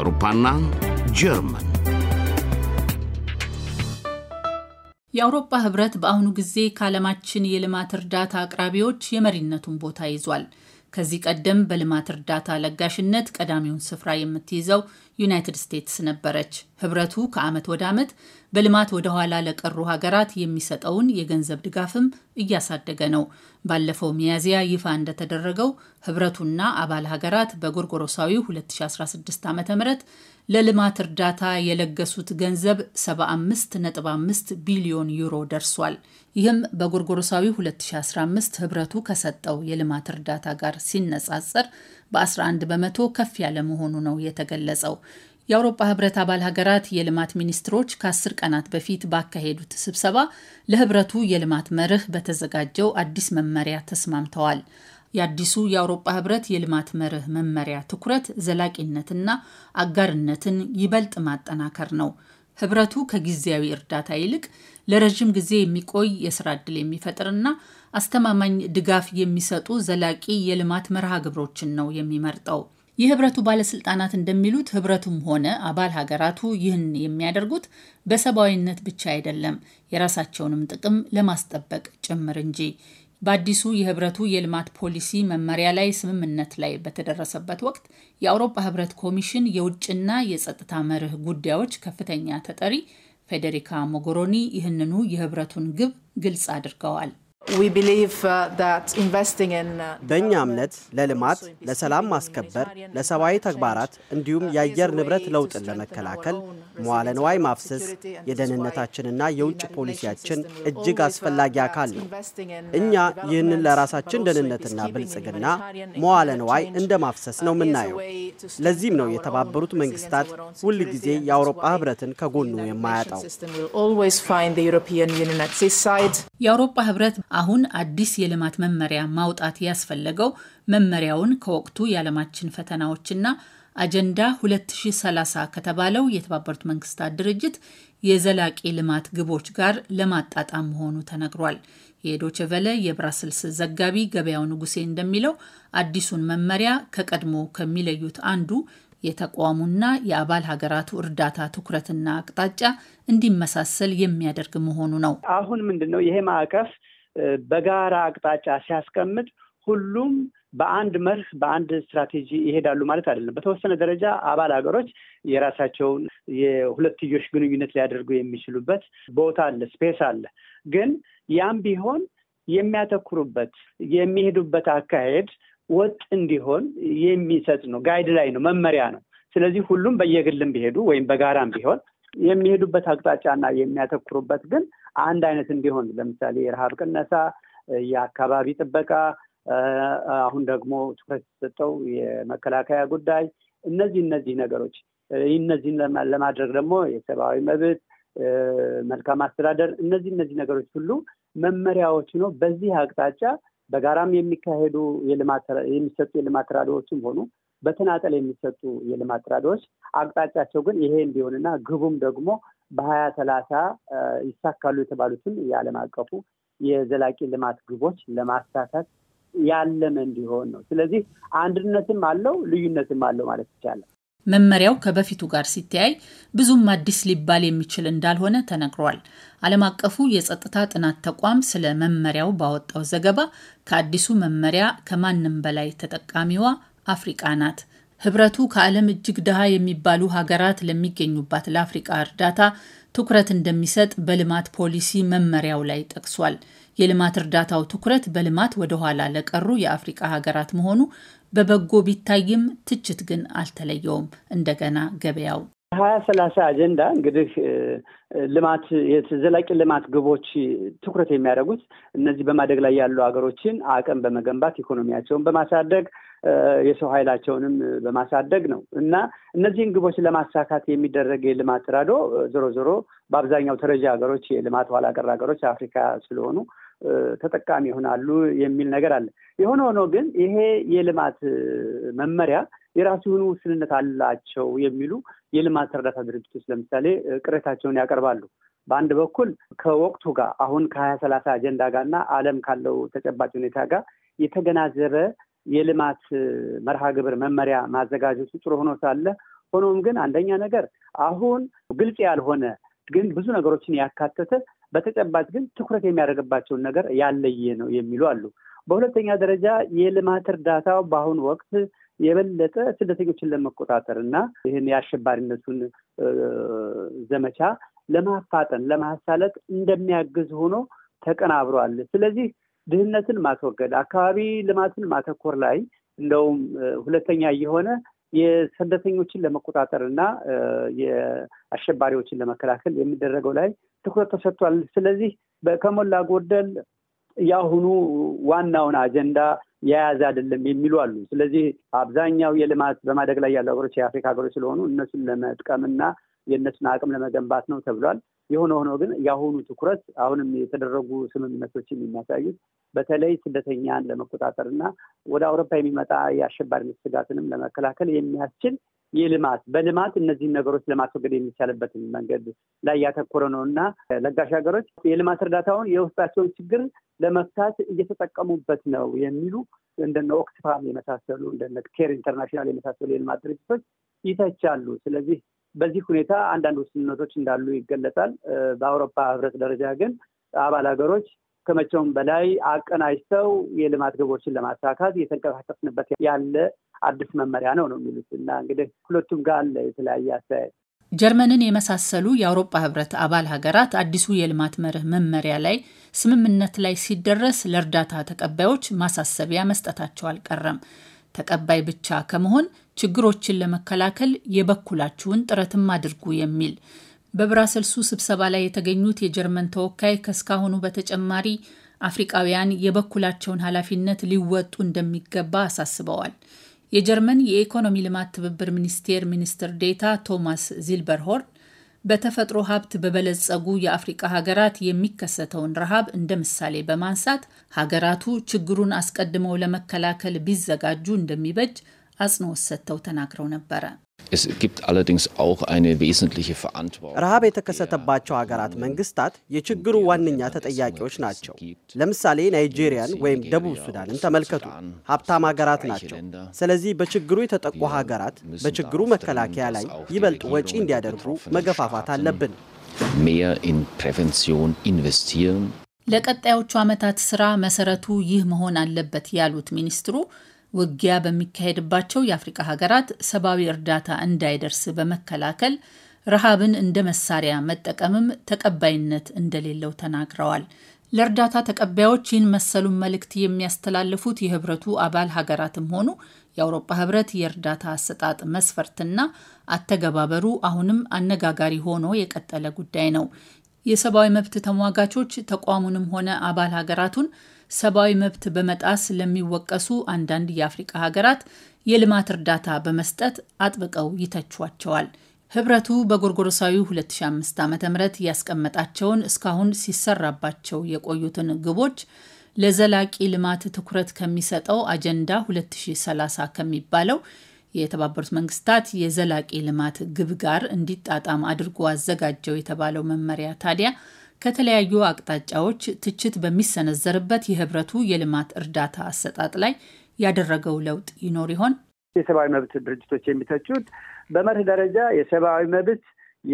አውሮፓና ጀርመን የአውሮፓ ህብረት በአሁኑ ጊዜ ከዓለማችን የልማት እርዳታ አቅራቢዎች የመሪነቱን ቦታ ይዟል። ከዚህ ቀደም በልማት እርዳታ ለጋሽነት ቀዳሚውን ስፍራ የምትይዘው ዩናይትድ ስቴትስ ነበረች። ህብረቱ ከዓመት ወደ ዓመት በልማት ወደ ኋላ ለቀሩ ሀገራት የሚሰጠውን የገንዘብ ድጋፍም እያሳደገ ነው። ባለፈው ሚያዝያ ይፋ እንደተደረገው ህብረቱና አባል ሀገራት በጎርጎሮሳዊ 2016 ዓ ም ለልማት እርዳታ የለገሱት ገንዘብ 75.5 ቢሊዮን ዩሮ ደርሷል። ይህም በጎርጎሮሳዊ 2015 ህብረቱ ከሰጠው የልማት እርዳታ ጋር ሲነጻጸር በ11 በመቶ ከፍ ያለ መሆኑ ነው የተገለጸው። የአውሮፓ ህብረት አባል ሀገራት የልማት ሚኒስትሮች ከአስር ቀናት በፊት ባካሄዱት ስብሰባ ለህብረቱ የልማት መርህ በተዘጋጀው አዲስ መመሪያ ተስማምተዋል። የአዲሱ የአውሮፓ ህብረት የልማት መርህ መመሪያ ትኩረት ዘላቂነትና አጋርነትን ይበልጥ ማጠናከር ነው። ህብረቱ ከጊዜያዊ እርዳታ ይልቅ ለረዥም ጊዜ የሚቆይ የስራ ዕድል የሚፈጥርና አስተማማኝ ድጋፍ የሚሰጡ ዘላቂ የልማት መርሃ ግብሮችን ነው የሚመርጠው። የህብረቱ ባለስልጣናት እንደሚሉት ህብረቱም ሆነ አባል ሀገራቱ ይህን የሚያደርጉት በሰብአዊነት ብቻ አይደለም፣ የራሳቸውንም ጥቅም ለማስጠበቅ ጭምር እንጂ። በአዲሱ የህብረቱ የልማት ፖሊሲ መመሪያ ላይ ስምምነት ላይ በተደረሰበት ወቅት የአውሮፓ ህብረት ኮሚሽን የውጭና የጸጥታ መርህ ጉዳዮች ከፍተኛ ተጠሪ ፌዴሪካ ሞጎሮኒ ይህንኑ የህብረቱን ግብ ግልጽ አድርገዋል። Uh, uh, በእኛ እምነት ለልማት፣ ለሰላም ማስከበር፣ ለሰብአዊ ተግባራት እንዲሁም የአየር ንብረት ለውጥን ለመከላከል መዋለ ንዋይ ማፍሰስ የደህንነታችንና የውጭ ፖሊሲያችን እጅግ አስፈላጊ አካል ነው። እኛ ይህንን ለራሳችን ደህንነትና ብልጽግና መዋለ ንዋይ እንደ ማፍሰስ ነው የምናየው። ለዚህም ነው የተባበሩት መንግስታት ሁል ጊዜ የአውሮፓ ህብረትን ከጎኑ የማያጣው። ህብረት አሁን አዲስ የልማት መመሪያ ማውጣት ያስፈለገው መመሪያውን ከወቅቱ የዓለማችን ፈተናዎችና አጀንዳ 2030 ከተባለው የተባበሩት መንግስታት ድርጅት የዘላቂ ልማት ግቦች ጋር ለማጣጣም መሆኑ ተነግሯል። የዶቼ የብራስልስ ዘጋቢ ገበያው ንጉሴ እንደሚለው አዲሱን መመሪያ ከቀድሞ ከሚለዩት አንዱ የተቋሙና የአባል ሀገራቱ እርዳታ ትኩረትና አቅጣጫ እንዲመሳሰል የሚያደርግ መሆኑ ነው። አሁን ምንድን ነው ይሄ ማዕቀፍ በጋራ አቅጣጫ ሲያስቀምጥ ሁሉም በአንድ መርህ በአንድ ስትራቴጂ ይሄዳሉ ማለት አይደለም። በተወሰነ ደረጃ አባል ሀገሮች የራሳቸውን የሁለትዮሽ ግንኙነት ሊያደርጉ የሚችሉበት ቦታ አለ፣ ስፔስ አለ። ግን ያም ቢሆን የሚያተኩሩበት የሚሄዱበት አካሄድ ወጥ እንዲሆን የሚሰጥ ነው፣ ጋይድ ላይ ነው፣ መመሪያ ነው። ስለዚህ ሁሉም በየግልም ቢሄዱ ወይም በጋራም ቢሆን የሚሄዱበት አቅጣጫና የሚያተኩሩበት ግን አንድ አይነት እንዲሆን ለምሳሌ የረሃብ ቅነሳ፣ የአካባቢ ጥበቃ፣ አሁን ደግሞ ትኩረት የተሰጠው የመከላከያ ጉዳይ እነዚህ እነዚህ ነገሮች እነዚህን ለማድረግ ደግሞ የሰብአዊ መብት፣ መልካም አስተዳደር እነዚህ እነዚህ ነገሮች ሁሉ መመሪያዎች ነው። በዚህ አቅጣጫ በጋራም የሚካሄዱ የሚሰጡ የልማት ተራድኦዎችም ሆኑ በተናጠል የሚሰጡ የልማት ተራድኦዎች አቅጣጫቸው ግን ይሄ እንዲሆንና ግቡም ደግሞ በሀያ ሰላሳ ይሳካሉ የተባሉትን የዓለም አቀፉ የዘላቂ ልማት ግቦች ለማሳካት ያለመ እንዲሆን ነው። ስለዚህ አንድነትም አለው ልዩነትም አለው ማለት ይቻላል። መመሪያው ከበፊቱ ጋር ሲተያይ ብዙም አዲስ ሊባል የሚችል እንዳልሆነ ተነግሯል። ዓለም አቀፉ የጸጥታ ጥናት ተቋም ስለ መመሪያው ባወጣው ዘገባ ከአዲሱ መመሪያ ከማንም በላይ ተጠቃሚዋ አፍሪቃ ናት። ህብረቱ ከዓለም እጅግ ድሃ የሚባሉ ሀገራት ለሚገኙባት ለአፍሪቃ እርዳታ ትኩረት እንደሚሰጥ በልማት ፖሊሲ መመሪያው ላይ ጠቅሷል። የልማት እርዳታው ትኩረት በልማት ወደኋላ ለቀሩ የአፍሪቃ ሀገራት መሆኑ በበጎ ቢታይም ትችት ግን አልተለየውም። እንደገና ገበያው ሀያ ሰላሳ አጀንዳ እንግዲህ ልማት ዘላቂ ልማት ግቦች ትኩረት የሚያደርጉት እነዚህ በማደግ ላይ ያሉ ሀገሮችን አቅም በመገንባት ኢኮኖሚያቸውን በማሳደግ የሰው ኃይላቸውንም በማሳደግ ነው እና እነዚህን ግቦች ለማሳካት የሚደረግ የልማት ራዶ ዞሮ ዞሮ በአብዛኛው ተረጃ ሀገሮች የልማት ኋላ ቀር ሀገሮች አፍሪካ ስለሆኑ ተጠቃሚ ይሆናሉ የሚል ነገር አለ። የሆነ ሆኖ ግን ይሄ የልማት መመሪያ የራሱ የሆኑ ውስንነት አላቸው የሚሉ የልማት እርዳታ ድርጅቶች ለምሳሌ ቅሬታቸውን ያቀርባሉ። በአንድ በኩል ከወቅቱ ጋር አሁን ከሀያ ሰላሳ አጀንዳ ጋር እና ዓለም ካለው ተጨባጭ ሁኔታ ጋር የተገናዘበ የልማት መርሃ ግብር መመሪያ ማዘጋጀቱ ጥሩ ሆኖ ሳለ ሆኖም ግን አንደኛ ነገር አሁን ግልጽ ያልሆነ ግን ብዙ ነገሮችን ያካተተ በተጨባጭ ግን ትኩረት የሚያደርግባቸውን ነገር ያለየ ነው የሚሉ አሉ። በሁለተኛ ደረጃ የልማት እርዳታው በአሁኑ ወቅት የበለጠ ስደተኞችን ለመቆጣጠር እና ይህን የአሸባሪነቱን ዘመቻ ለማፋጠን ለማሳለጥ እንደሚያግዝ ሆኖ ተቀናብሯል። ስለዚህ ድህነትን ማስወገድ፣ አካባቢ ልማትን ማተኮር ላይ እንደውም ሁለተኛ እየሆነ የስደተኞችን ለመቆጣጠር እና የአሸባሪዎችን ለመከላከል የሚደረገው ላይ ትኩረት ተሰጥቷል። ስለዚህ ከሞላ ጎደል የአሁኑ ዋናውን አጀንዳ የያዘ አይደለም የሚሉ አሉ። ስለዚህ አብዛኛው የልማት በማደግ ላይ ያሉ ሀገሮች የአፍሪካ ሀገሮች ስለሆኑ እነሱን ለመጥቀምና የእነሱን አቅም ለመገንባት ነው ተብሏል። የሆነ ሆኖ ግን የአሁኑ ትኩረት አሁንም የተደረጉ ስምምነቶች የሚያሳዩት በተለይ ስደተኛን ለመቆጣጠር እና ወደ አውሮፓ የሚመጣ የአሸባሪነት ስጋትንም ለመከላከል የሚያስችል የልማት በልማት እነዚህን ነገሮች ለማስወገድ የሚቻልበትን መንገድ ላይ ያተኮረ ነው እና ለጋሽ ሀገሮች የልማት እርዳታውን የውስጣቸውን ችግር ለመፍታት እየተጠቀሙበት ነው የሚሉ እንደነ ኦክስፋም የመሳሰሉ እንደነ ኬር ኢንተርናሽናል የመሳሰሉ የልማት ድርጅቶች ይተቻሉ። ስለዚህ በዚህ ሁኔታ አንዳንድ ውስንነቶች እንዳሉ ይገለጻል። በአውሮፓ ህብረት ደረጃ ግን አባል ሀገሮች ከመቼውም በላይ አቀናጅተው የልማት ግቦችን ለማሳካት እየተንቀሳቀስንበት ያለ አዲስ መመሪያ ነው ነው የሚሉት እና እንግዲህ ሁለቱም ጋር አለ የተለያየ አስተያየት። ጀርመንን የመሳሰሉ የአውሮፓ ህብረት አባል ሀገራት አዲሱ የልማት መርህ መመሪያ ላይ ስምምነት ላይ ሲደረስ ለእርዳታ ተቀባዮች ማሳሰቢያ መስጠታቸው አልቀረም። ተቀባይ ብቻ ከመሆን ችግሮችን ለመከላከል የበኩላችሁን ጥረትም አድርጉ የሚል በብራሰልሱ ስብሰባ ላይ የተገኙት የጀርመን ተወካይ ከእስካሁኑ በተጨማሪ አፍሪቃውያን የበኩላቸውን ኃላፊነት ሊወጡ እንደሚገባ አሳስበዋል። የጀርመን የኢኮኖሚ ልማት ትብብር ሚኒስቴር ሚኒስትር ዴታ ቶማስ ዚልበርሆርን በተፈጥሮ ሀብት በበለጸጉ የአፍሪቃ ሀገራት የሚከሰተውን ረሃብ እንደ ምሳሌ በማንሳት ሀገራቱ ችግሩን አስቀድመው ለመከላከል ቢዘጋጁ እንደሚበጅ አጽንኦት ሰጥተው ተናግረው ነበረ። Es gibt allerdings auch eine wesentliche Verantwortung. ረሃብ የተከሰተባቸው ሀገራት መንግስታት የችግሩ ዋነኛ ተጠያቂዎች ናቸው። ለምሳሌ ናይጄሪያን ወይም ደቡብ ሱዳንን ተመልከቱ። ሀብታም ሀገራት ናቸው። ስለዚህ በችግሩ የተጠቁ ሀገራት በችግሩ መከላከያ ላይ ይበልጥ ወጪ እንዲያደርጉ መገፋፋት አለብን። Mehr in Prävention investieren. ለቀጣዮቹ ዓመታት ስራ መሰረቱ ይህ መሆን አለበት ያሉት ሚኒስትሩ ውጊያ በሚካሄድባቸው የአፍሪካ ሀገራት ሰብአዊ እርዳታ እንዳይደርስ በመከላከል ረሃብን እንደ መሳሪያ መጠቀምም ተቀባይነት እንደሌለው ተናግረዋል። ለእርዳታ ተቀባዮች ይህን መሰሉን መልእክት የሚያስተላልፉት የህብረቱ አባል ሀገራትም ሆኑ የአውሮፓ ህብረት የእርዳታ አሰጣጥ መስፈርትና አተገባበሩ አሁንም አነጋጋሪ ሆኖ የቀጠለ ጉዳይ ነው። የሰብአዊ መብት ተሟጋቾች ተቋሙንም ሆነ አባል ሀገራቱን ሰብአዊ መብት በመጣስ ለሚወቀሱ አንዳንድ የአፍሪቃ ሀገራት የልማት እርዳታ በመስጠት አጥብቀው ይተቿቸዋል። ህብረቱ በጎርጎሮሳዊ 2005 ዓ ም ያስቀመጣቸውን እስካሁን ሲሰራባቸው የቆዩትን ግቦች ለዘላቂ ልማት ትኩረት ከሚሰጠው አጀንዳ 2030 ከሚባለው የተባበሩት መንግስታት የዘላቂ ልማት ግብ ጋር እንዲጣጣም አድርጎ አዘጋጀው የተባለው መመሪያ ታዲያ ከተለያዩ አቅጣጫዎች ትችት በሚሰነዘርበት የህብረቱ የልማት እርዳታ አሰጣጥ ላይ ያደረገው ለውጥ ይኖር ይሆን? የሰብአዊ መብት ድርጅቶች የሚተቹት በመርህ ደረጃ የሰብአዊ መብት፣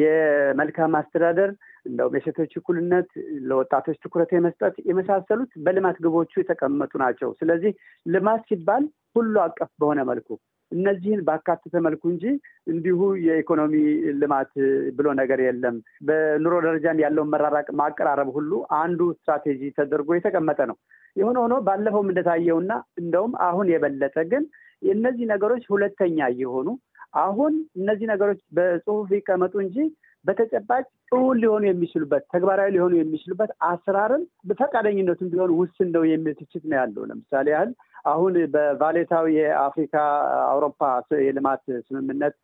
የመልካም አስተዳደር እንደውም የሴቶች እኩልነት፣ ለወጣቶች ትኩረት የመስጠት የመሳሰሉት በልማት ግቦቹ የተቀመጡ ናቸው። ስለዚህ ልማት ሲባል ሁሉ አቀፍ በሆነ መልኩ እነዚህን ባካተተ መልኩ እንጂ እንዲሁ የኢኮኖሚ ልማት ብሎ ነገር የለም። በኑሮ ደረጃም ያለውን መራራቅ ማቀራረብ ሁሉ አንዱ ስትራቴጂ ተደርጎ የተቀመጠ ነው። የሆነ ሆኖ ባለፈውም እንደታየውና እንደውም አሁን የበለጠ ግን እነዚህ ነገሮች ሁለተኛ እየሆኑ አሁን እነዚህ ነገሮች በጽሁፍ ይቀመጡ እንጂ በተጨባጭ እውን ሊሆኑ የሚችሉበት ተግባራዊ ሊሆኑ የሚችሉበት አሰራርም በፈቃደኝነቱም ቢሆን ውስን ነው የሚል ትችት ነው ያለው። ለምሳሌ ያህል አሁን በቫሌታው የአፍሪካ አውሮፓ የልማት ስምምነት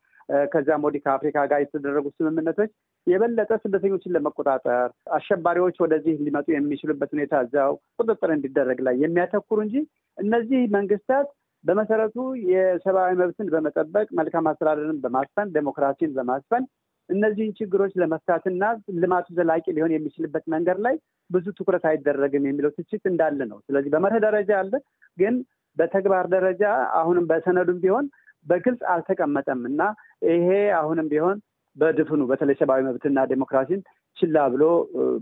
ከዚያም ወዲህ ከአፍሪካ ጋር የተደረጉ ስምምነቶች የበለጠ ስደተኞችን ለመቆጣጠር አሸባሪዎች ወደዚህ ሊመጡ የሚችሉበት ሁኔታ እዚያው ቁጥጥር እንዲደረግ ላይ የሚያተኩሩ እንጂ እነዚህ መንግስታት በመሰረቱ የሰብአዊ መብትን በመጠበቅ መልካም አስተዳደርን በማስፈን ዴሞክራሲን በማስፈን እነዚህን ችግሮች ለመፍታትና ልማቱ ዘላቂ ሊሆን የሚችልበት መንገድ ላይ ብዙ ትኩረት አይደረግም የሚለው ትችት እንዳለ ነው። ስለዚህ በመርህ ደረጃ አለ፣ ግን በተግባር ደረጃ አሁንም በሰነዱም ቢሆን በግልጽ አልተቀመጠም እና ይሄ አሁንም ቢሆን በድፍኑ በተለይ ሰብአዊ መብትና ዴሞክራሲን ችላ ብሎ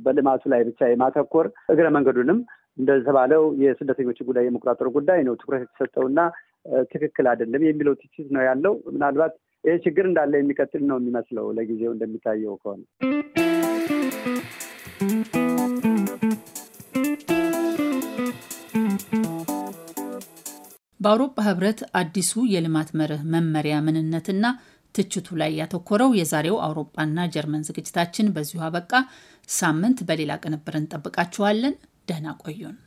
በልማቱ ላይ ብቻ የማተኮር እግረ መንገዱንም እንደተባለው የስደተኞች ጉዳይ የመቆጣጠሩ ጉዳይ ነው ትኩረት የተሰጠውና ትክክል አይደለም የሚለው ትችት ነው ያለው ምናልባት ይህ ችግር እንዳለ የሚቀጥል ነው የሚመስለው ለጊዜው እንደሚታየው ከሆነ። በአውሮፓ ህብረት አዲሱ የልማት መርህ መመሪያ ምንነትና ትችቱ ላይ ያተኮረው የዛሬው አውሮፓና ጀርመን ዝግጅታችን በዚሁ አበቃ። ሳምንት በሌላ ቅንብር እንጠብቃችኋለን። ደህና ቆዩን።